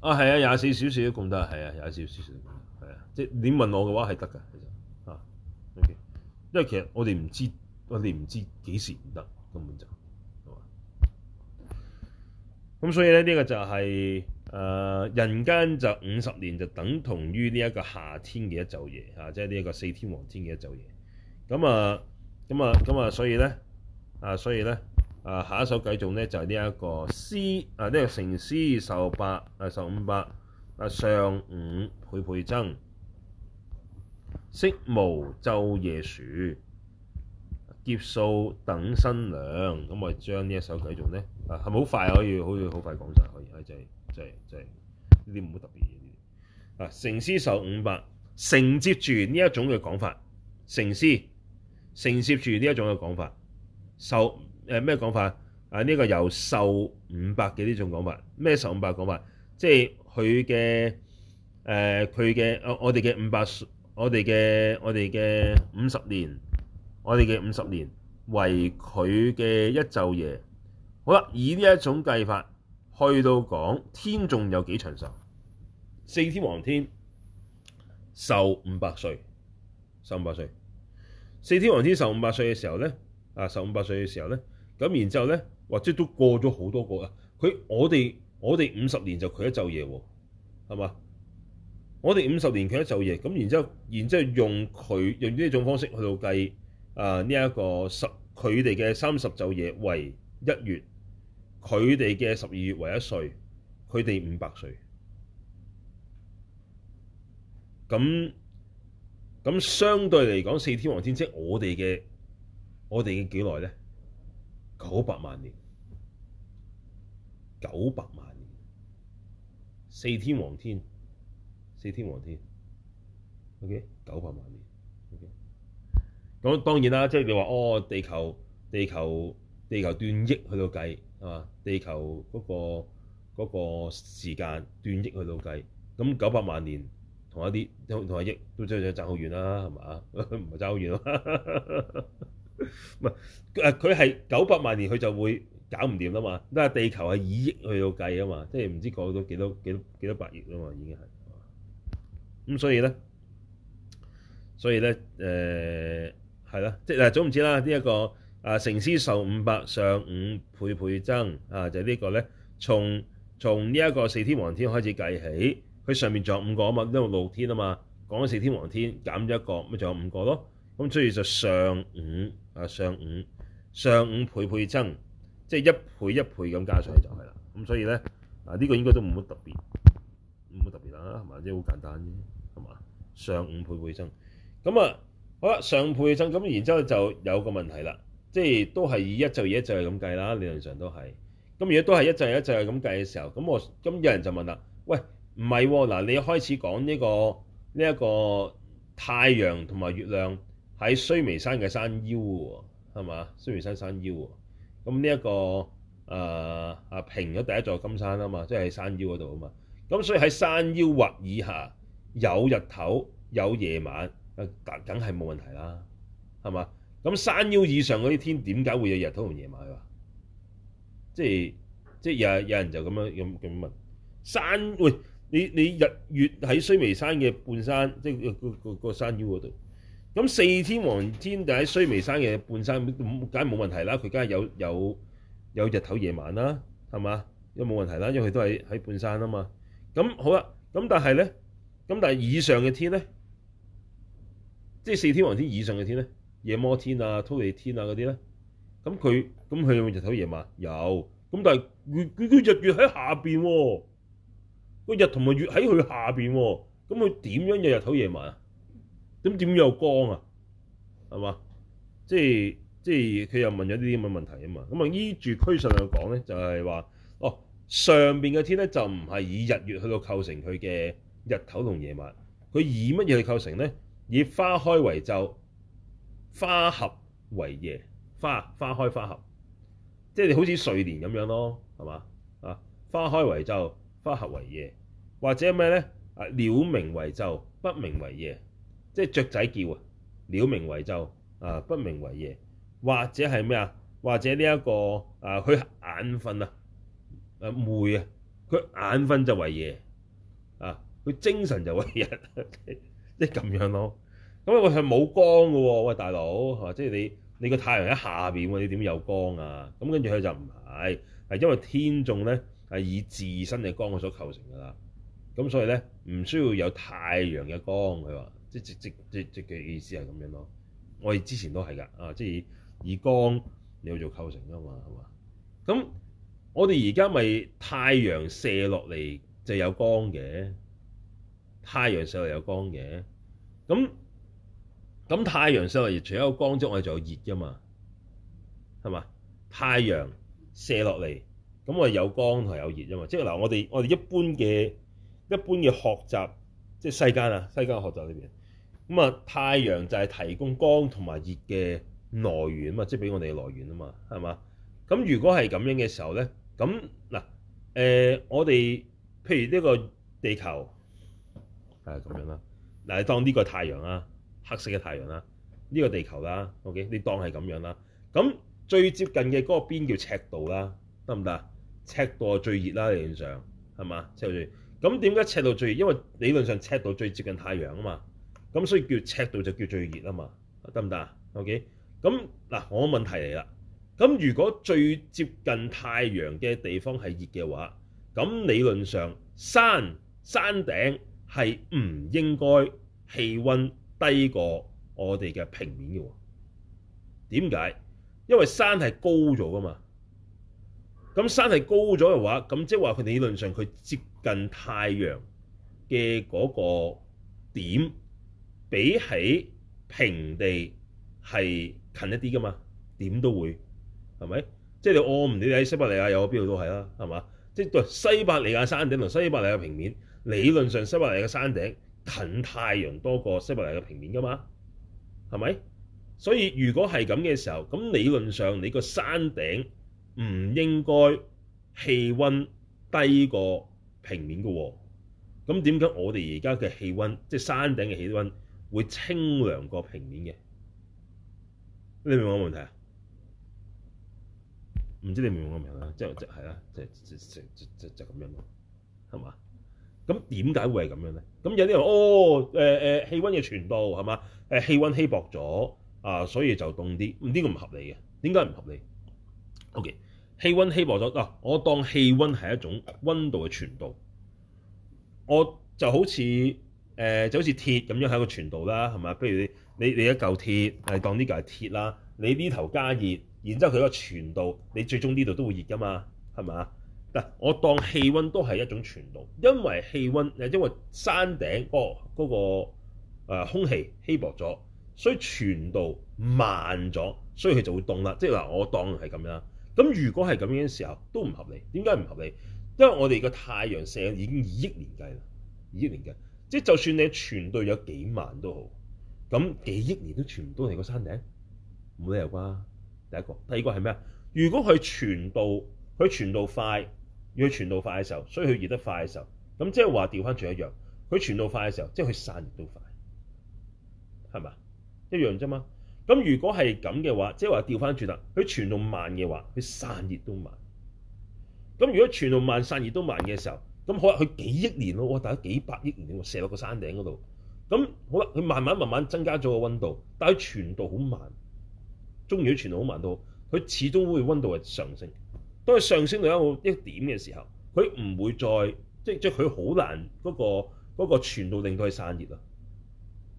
啊，係啊，廿四小時都咁得，係啊，廿四小時都咁得，係啊，即係你問我嘅話係得噶，其實啊，OK，因為其實我哋唔知，我哋唔知幾時唔得，根本就係嘛。咁所以咧，呢、這個就係、是、誒、呃、人間就五十年就等同於呢一個下天嘅一晝夜啊，即係呢一個四天王天嘅一晝夜。咁啊，咁啊，咁啊，所以咧，啊，所以咧。啊，下一首偈頌咧就係呢一個詩啊，呢、這個乘斯壽百啊，壽五百啊，上五倍倍增，色無晝夜殊，劫數等身量。咁我將呢一首偈頌咧，啊係咪好快可以？好似好快講曬可以，即係即係即係呢啲唔好特別嘅。啊，乘斯壽五百，承接住呢一種嘅講法，乘斯承接住呢一種嘅講法，受。誒咩講法啊？呢個由壽五百嘅呢種講法，咩壽五百講法？即係佢嘅誒佢嘅我哋嘅五百我哋嘅我哋嘅五十年，我哋嘅五十年為佢嘅一晝夜。好啦，以呢一種計法去到講天仲有幾長壽？四天王天壽五百歲，壽五百歲。四天王天壽五百歲嘅時候咧，啊壽五百歲嘅時候咧。咁然之後咧，或者都過咗好多個啦。佢我哋我哋五十年就佢一晝夜喎，係嘛？我哋五十年佢一晝夜。咁然之後，然之後用佢用呢一種方式去到計啊呢一個十佢哋嘅三十晝夜為一月，佢哋嘅十二月為一歲，佢哋五百歲。咁咁相對嚟講，四天王天即係我哋嘅我哋嘅幾耐咧？九百萬年，九百萬年，四天王天，四天王天，OK，九百萬年，OK，咁當然啦，即係你話哦，地球，地球，地球斷億去到計係嘛，地球嗰個嗰個時間斷億去到計，咁九百萬年同一啲同同係億都真係爭好遠啦，係咪？唔係爭好遠。唔係佢佢係九百萬年佢就會搞唔掂啦嘛，但係地球係以億去到計啊嘛，即係唔知過咗幾多幾多幾多百億啊嘛，已經係咁，所以咧，所以咧誒係啦，即係、呃、總唔知啦，呢一個啊乘斯壽五百上五倍倍增啊就係、個呢個咧，從從呢一個四天王天開始計起，佢上面仲有五個啊嘛，因為六天啊嘛，講四天王天減咗一個，咪仲有五個咯，咁所以就上五。啊，上五上五倍倍增，即係一倍一倍咁加上去就係啦。咁所以咧，啊、這、呢個應該都冇乜特別，冇乜特別啦，係嘛？即係好簡單啫，係嘛？上五倍倍增，咁啊好啦，上倍增，咁然之後就有個問題啦，即係都係以一陣嘢一陣係咁計啦，理論上都係。咁如果都係一陣一陣係咁計嘅時候，咁我咁有人就問啦，喂，唔係嗱，你開始講呢、這個呢一、這個太陽同埋月亮。喺須彌山嘅山腰喎，係嘛？須彌山山腰喎，咁呢一個誒誒、呃、平咗第一座金山啊嘛，即係喺山腰嗰度啊嘛。咁所以喺山腰或以下有日頭有夜晚，誒梗係冇問題啦，係嘛？咁山腰以上嗰啲天點解會有日頭同夜晚㗎？即係即係有有人就咁樣咁咁問山，喂，你你日月喺須彌山嘅半山，即係個個個山腰嗰度。咁四天王天就喺須彌山嘅半山，咁梗係冇問題啦。佢梗係有有有日頭夜晚啦，係嘛？因為冇問題啦，因為佢都喺喺半山啊嘛。咁好啦，咁但係咧，咁但係以上嘅天咧，即係四天王天以上嘅天咧，夜摩天啊、忉利天啊嗰啲咧，咁佢咁佢有冇日頭夜晚？有。咁但係佢佢佢日月喺下面喎、啊，個日同埋月喺佢下面喎、啊，咁佢點樣有日頭夜晚啊？咁點有光啊？係嘛？即係即係佢又問咗呢啲咁嘅問題啊嘛。咁啊，依住趨勢去講咧，就係話哦，上面嘅天咧就唔係以日月去到構成佢嘅日頭同夜晚，佢以乜嘢去構成咧？以花開為晝，花合為夜，花花開花合，即係好似睡蓮咁樣咯，係嘛啊？花開為晝，花合為夜，或者咩咧？啊，鳥鳴為晝，不鳴為夜。即係雀仔叫啊，鳥鳴為晝啊，不鳴為夜，或者係咩啊？或者呢、這、一個啊，佢眼瞓啊，啊攰啊，佢眼瞓就為夜啊，佢精神就為日，即係咁樣咯。咁、哦、啊，佢話冇光嘅喎，喂，大佬，即係你你個太陽喺下邊喎，你點有光啊？咁跟住佢就唔係，係因為天眾咧係以自身嘅光佢所構成㗎啦。咁所以咧唔需要有太陽嘅光，佢話。即係直直直嘅意思係咁樣咯。我哋之前都係㗎啊，即係以，以光你去做構成㗎嘛，係嘛？咁我哋而家咪太陽射落嚟就有光嘅，太陽上嚟有光嘅。咁咁太陽上嚟除咗有光之外，仲有熱㗎嘛，係嘛？太陽射落嚟，咁我哋有光同有，有熱㗎嘛。即係嗱，我哋我哋一般嘅一般嘅學習，即係世間啊，世間嘅學習呢邊。咁啊，太陽就係提供光同埋熱嘅來源啊嘛，即係俾我哋來源啊嘛，係嘛？咁如果係咁樣嘅時候咧，咁嗱誒，我哋譬如呢個地球係咁樣啦。嗱，當呢個太陽啊，黑色嘅太陽啦，呢個地球啦，OK，你當係咁樣啦。咁最接近嘅嗰個邊叫赤道啦，得唔得啊？赤道最熱啦，理論上係嘛？赤道最熱，咁點解赤道最熱？因為理論上赤道最接近太陽啊嘛。咁所以叫赤道就叫最熱啊嘛，得唔得啊？OK，咁嗱，我問題嚟啦。咁如果最接近太陽嘅地方係熱嘅話，咁理論上山山頂係唔應該氣温低過我哋嘅平面嘅喎。點解？因為山係高咗㗎嘛。咁山係高咗嘅話，咁即係話佢理論上佢接近太陽嘅嗰個點。比起平地係近一啲噶嘛？點都會係咪？即係我唔理你喺西伯利亞有個邊度都係啦，係嘛？即係對西伯利亞山頂同西伯利亞平面，理論上西伯利亞嘅山頂近太陽多過西伯利亞嘅平面噶嘛？係咪？所以如果係咁嘅時候，咁理論上你個山頂唔應該氣温低過平面噶喎。咁點解我哋而家嘅氣温，即係山頂嘅氣温？就是會清涼過平面嘅，你明唔明我問題啊？唔知你明唔明我問題啊？即係即係啦，即即即即即咁樣咯，係嘛？咁點解會係咁樣咧？咁有啲、這、人、個、哦，誒、欸、誒、欸、氣温嘅傳導係嘛？誒、欸、氣温稀薄咗啊，所以就凍啲。呢、啊這個唔合理嘅，點解唔合理？OK，氣温稀薄咗嗱、啊，我當氣温係一種温度嘅傳導，我就好似。誒就好似鐵咁樣喺個傳導啦，係咪？不如你你你一嚿鐵係，當呢嚿係鐵啦。你呢頭加熱，然之後佢個傳導，你最終呢度都會熱噶嘛，係咪？嗱，我當氣温都係一種傳導，因為氣温誒，因為山頂嗰嗰、哦嗰個誒空氣稀薄咗，所以傳導慢咗，所以佢就會凍啦。即係嗱，我當係咁樣。咁如果係咁樣嘅時候都唔合理，點解唔合理？因為我哋個太陽射已經二億年計啦，二億年計即係就算你傳導有幾慢都好，咁幾億年都傳唔到嚟個山頂，唔會有啩。第一個，第二個係咩啊？如果佢傳導佢傳導快，要傳導快嘅時候，所以佢熱得快嘅時候，咁即係話調翻轉一樣，佢傳導快嘅時候，即係佢散熱都快，係咪一樣啫嘛。咁如果係咁嘅話，即係話調翻轉啦，佢傳導慢嘅話，佢散熱都慢。咁如果傳導慢、散熱都慢嘅時候，咁可能佢幾億年咯，大概幾百億年，射落個山頂嗰度。咁好啦，佢慢慢慢慢增加咗個溫度，但係傳度好慢，中遠傳度慢好慢到，佢始終會溫度係上升。當佢上升到一個一點嘅時候，佢唔會再即係即係佢好難嗰、嗰個嗰個傳到令佢散熱啦。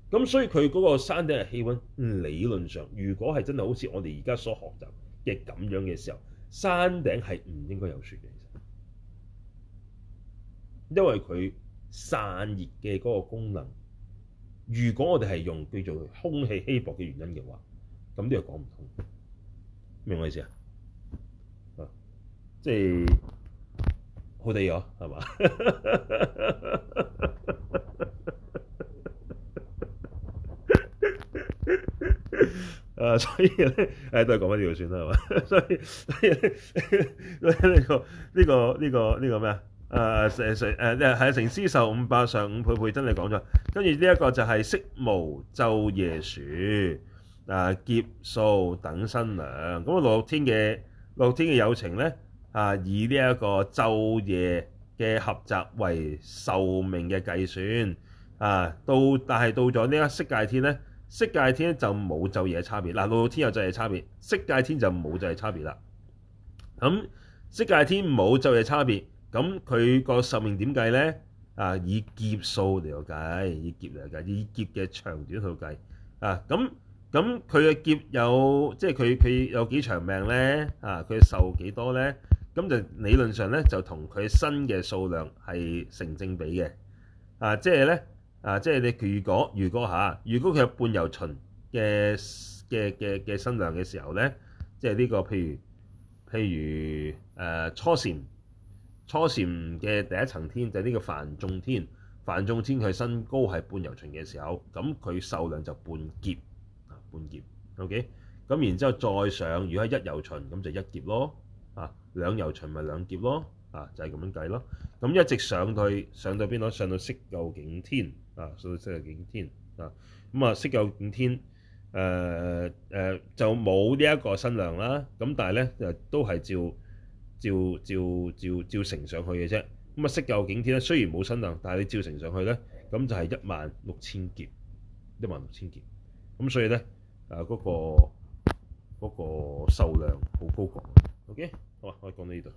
咁所以佢嗰個山頂嘅氣溫理論上，如果係真係好似我哋而家所學習嘅咁樣嘅時候，山頂係唔應該有雪嘅。因為佢散熱嘅嗰個功能，如果我哋係用叫做空氣稀薄嘅原因嘅話，咁都係講唔通，明白我意思啊？即係好地咗，係嘛、 *laughs* *laughs* 啊？所以咧，誒，都係講返呢條先啦，係嘛？所以，所以呢、 *laughs* 呢個呢、呢個呢、呢個呢、呢個咩啊？誒誒誒，係、呃呃呃、乘斯壽五百，上五倍倍增，你講咗，跟住呢一個就係色無晝夜殊，啊、呃、劫數等身量。咁、嗯、啊，六欲天嘅六欲天嘅有情咧，啊以呢一個晝夜嘅合集為壽命嘅計算，啊到但係到咗呢一個色界天咧，色界天就冇晝夜差別。嗱、嗯，六欲天有晝夜差別，色界天就冇晝夜差別啦。咁、嗯、色界天冇晝夜差別。咁佢個壽命點計咧？啊，以劫數嚟到計，以劫嚟計，以劫嘅長短去到計啊。咁咁佢嘅劫有即係佢佢有幾長命咧？啊，佢壽幾多咧？咁就理論上咧就同佢身嘅數量係成正比嘅啊。即係咧啊，即係你如果如果嚇，如果佢、啊、有半由旬嘅嘅嘅嘅身量嘅時候咧，即係呢、呢個譬如譬如誒、啊、初禪。初禪嘅第一層天就係呢個梵眾天，梵眾天佢身高係半由旬嘅時候，咁佢壽量就半劫，啊半劫，OK，咁然之後再上，如果係一由旬，咁就一劫咯，啊兩由旬咪兩劫咯，啊就係、是、咁樣計咯，咁一直上到去上到邊度？上到色究竟天，啊上到色究竟天，啊咁啊色究竟天，誒誒就冇呢一個身量啦，咁、啊、但係咧又都係照。照照照照成上去嘅啫，咁、嗯、啊，色究竟天咧，雖然冇新能，但係你照成上去咧，咁就係一萬六千劫，一萬六千劫，咁所以咧，誒、啊，嗰、那個嗰、那個壽量好高強。OK，好啊，我可以講到呢度。